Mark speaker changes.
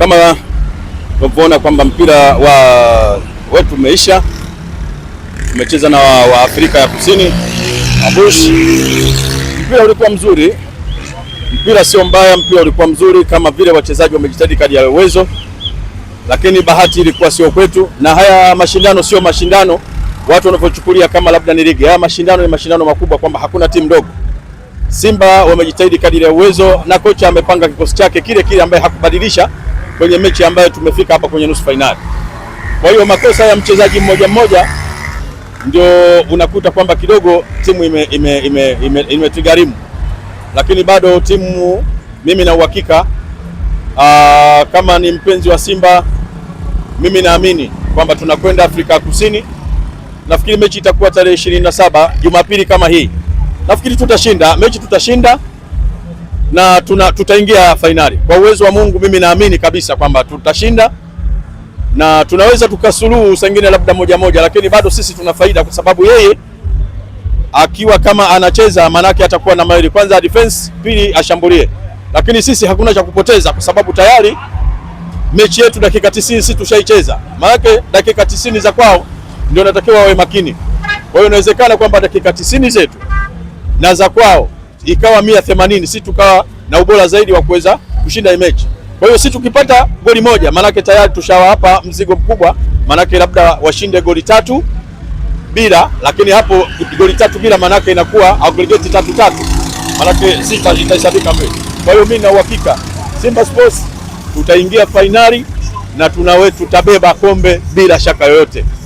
Speaker 1: Kama unavyoona kwamba mpira wa wetu umeisha, tumecheza na wa, wa Afrika ya Kusini Abush. Mpira ulikuwa mzuri, mpira sio mbaya, mpira ulikuwa mzuri kama vile wachezaji wamejitahidi kadri ya uwezo, lakini bahati ilikuwa sio kwetu, na haya mashindano sio mashindano watu wanavyochukulia kama labda ni ligi. Haya mashindano ni mashindano makubwa, kwamba hakuna timu ndogo. Simba wamejitahidi kadiri ya uwezo, na kocha amepanga kikosi chake kile kile ambaye hakubadilisha kwenye mechi ambayo tumefika hapa kwenye nusu fainali. Kwa hiyo makosa ya mchezaji mmoja mmoja ndio unakuta kwamba kidogo timu imetigarimu ime, ime, ime, ime, lakini bado timu mimi na uhakika kama ni mpenzi wa Simba mimi naamini kwamba tunakwenda Afrika Kusini. Nafikiri mechi itakuwa tarehe ishirini na saba Jumapili kama hii, nafikiri tutashinda mechi, tutashinda na tuna, tutaingia fainali kwa uwezo wa Mungu. Mimi naamini kabisa kwamba tutashinda na tunaweza tukasuluhu sengine labda moja moja, lakini bado sisi tuna faida, kwa sababu yeye akiwa kama anacheza manake atakuwa na maili kwanza defense, pili ashambulie, lakini sisi hakuna cha kupoteza, kwa sababu tayari mechi yetu dakika 90 sisi tushaicheza, manake dakika 90 za kwao ndio natakiwa wawe makini. Kwa hiyo inawezekana kwamba dakika 90 zetu na za kwao ikawa mia themanini, si tukawa na ubora zaidi wa kuweza kushinda mechi. Kwa hiyo si tukipata goli moja, maanake tayari tushawapa mzigo mkubwa, maanake labda washinde goli tatu bila, lakini hapo goli tatu bila maanake inakuwa aggregate tatu tatu, maanake sita itahesabika mbele. Kwa hiyo mimi na uhakika Simba Sports tutaingia fainali na tunawe tutabeba kombe bila shaka yoyote.